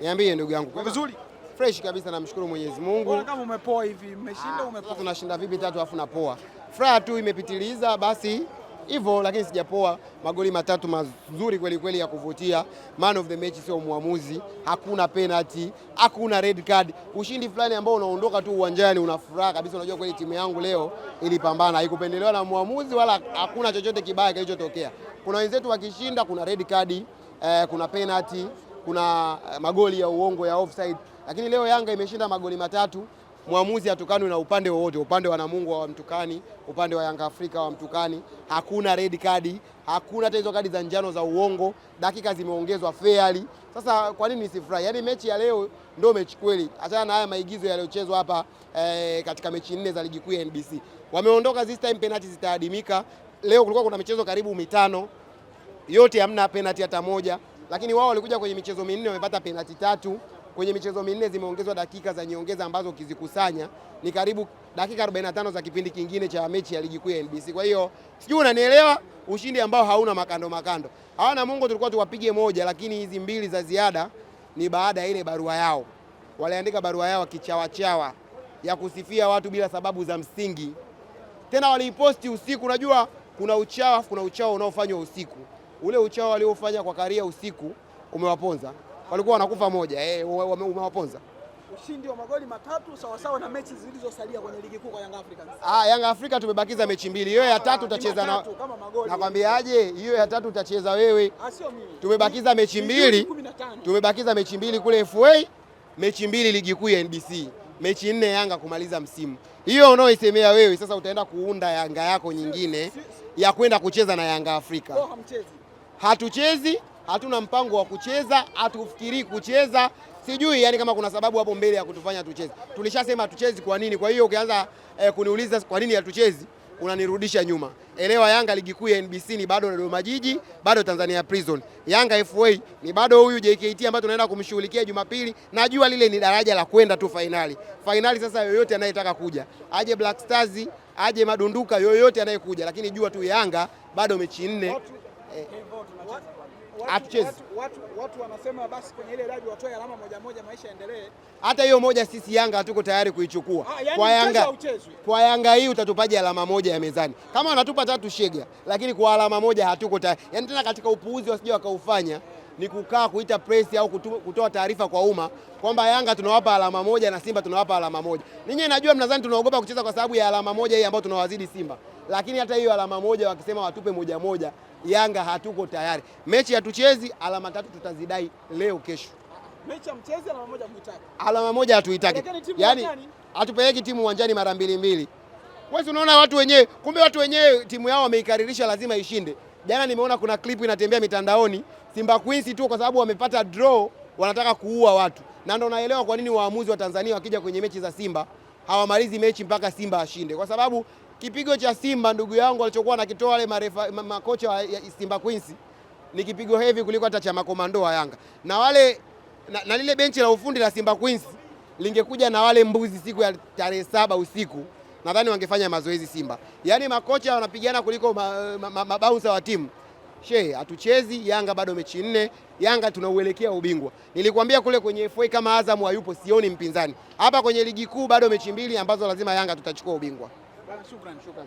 Niambie ndugu yangu. Kwa vizuri? Fresh kabisa namshukuru Mwenyezi Mungu. Kama umepoa hivi, umeshinda ah, umepoa. Tunashinda vipi tatu afu napoa. Furaha tu imepitiliza basi hivyo lakini sijapoa. Magoli matatu mazuri kweli kweli ya kuvutia. Man of the match sio mwamuzi, hakuna penalty, hakuna red card. Ushindi fulani ambao unaondoka tu uwanjani furaha kabisa, unajua kweli timu yangu leo ilipambana, haikupendelewa na mwamuzi wala hakuna chochote kibaya kilichotokea. Kuna wenzetu wakishinda, kuna red card eh, kuna penalty kuna eh, magoli ya uongo ya offside, lakini leo Yanga imeshinda magoli matatu. Mwamuzi hatukanwi na upande wowote, upande wa Namungo hawamtukani, upande wa Yanga Afrika hawamtukani. Hakuna red card, hakuna hata hizo kadi za njano za uongo, dakika zimeongezwa fairly. Sasa kwa nini nisifurahi? Yaani mechi ya leo ndio mechi kweli, achana na haya maigizo yaliyochezwa hapa eh, katika mechi nne za ligi kuu ya NBC. Wameondoka this time, penalty zitaadimika. Leo kulikuwa kuna michezo karibu mitano, yote hamna penalty hata moja lakini wao walikuja kwenye michezo minne wamepata penalti tatu. Kwenye michezo minne zimeongezwa dakika za nyongeza ambazo ukizikusanya ni karibu dakika 45 za kipindi kingine cha mechi ya ligi kuu ya NBC. Kwa hiyo sijui unanielewa, ushindi ambao hauna makando makando. Hawana Mungu, tulikuwa tuwapige moja, lakini hizi mbili za ziada ni baada ya ile barua yao, waliandika barua yao kichawachawa ya kusifia watu bila sababu za msingi, tena waliiposti usiku. Unajua kuna uchawa, kuna uchawa unaofanywa usiku ule uchao waliofanya kwa Karia usiku umewaponza, walikuwa wanakufa moja eh, umewaponza. Ushindi wa magoli matatu sawa sawa na mechi zilizosalia kwenye ligi kuu kwa Young Africans. Ah, Young Africa tumebakiza mechi mbili, hiyo ya tatu utacheza na nakwambiaje, hiyo ya tatu utacheza wewe, ah, sio mimi. Tumebakiza mechi mbili, tumebakiza mechi mbili kule FA, mechi mbili ligi kuu ya NBC, mechi nne Yanga kumaliza msimu. Hiyo unaoisemea wewe sasa, utaenda kuunda Yanga yako nyingine ya kwenda kucheza na Yanga Afrika hatuchezi, hatuna mpango wa kucheza, hatufikirii kucheza. Sijui yani kama kuna sababu hapo mbele ya kutufanya tucheze. Tulishasema hatuchezi kwa nini? Kwa hiyo ukianza eh, kuniuliza kwa nini hatuchezi unanirudisha nyuma. Elewa Yanga ligi kuu ya NBC ni bado Dodoma Jiji, bado Tanzania Prison. Yanga FA ni bado huyu JKT ambaye tunaenda kumshughulikia Jumapili. Najua lile ni daraja la kwenda tu fainali. Fainali sasa, yoyote anayetaka kuja aje Black Stars, aje Madunduka, yoyote anayekuja, lakini jua tu Yanga bado mechi nne Eh, hatuchezi. Watu, wanasema basi kwenye ile watoe alama moja moja, maisha Hata hiyo moja sisi Yanga hatuko tayari kuichukua. Ah, yani kwa Yanga, kwa Yanga hii utatupaje alama moja ya mezani? Kama wanatupa tatu shega, lakini kwa alama moja hatuko tayari. Yaani tena katika upuuzi wasije wakaufanya ni kukaa kuita press au kutoa taarifa kwa umma kwamba Yanga tunawapa alama moja na Simba tunawapa alama moja. Ninyi najua mnadhani tunaogopa kucheza kwa sababu ya alama moja hii ambayo tunawazidi Simba, lakini hata hiyo alama moja wakisema watupe moja moja, Yanga hatuko tayari. Mechi hatuchezi, alama tatu tutazidai leo kesho. Mechi mchezi, alama moja huitaki, alama moja hatuitaki, yaani hatupeleki timu uwanjani mara mbili mbili. Wewe unaona watu wenyewe, kumbe watu wenyewe timu yao wameikaririsha lazima ishinde. Jana nimeona kuna klipu inatembea mitandaoni, Simba Queens tu kwa sababu wamepata draw wanataka kuua watu, na ndio naelewa kwa nini waamuzi wa Tanzania wakija kwenye mechi za Simba hawamalizi mechi mpaka Simba ashinde, kwa sababu kipigo cha Simba ndugu yangu alichokuwa anakitoa wale marefa makocha wa Simba Queens ni kipigo heavy kuliko hata cha makomando wa Yanga na wale na, na lile benchi la ufundi la Simba Queens lingekuja na wale mbuzi siku ya tarehe saba usiku nadhani wangefanya mazoezi Simba. Yaani makocha wanapigana kuliko mabaunsa wa timu. She, hatuchezi Yanga bado mechi nne. Yanga tunauelekea ubingwa. Nilikwambia kule kwenye FA kama Azam hayupo sioni mpinzani. Hapa kwenye ligi kuu bado mechi mbili ambazo lazima Yanga tutachukua ubingwa. shukran, shukran.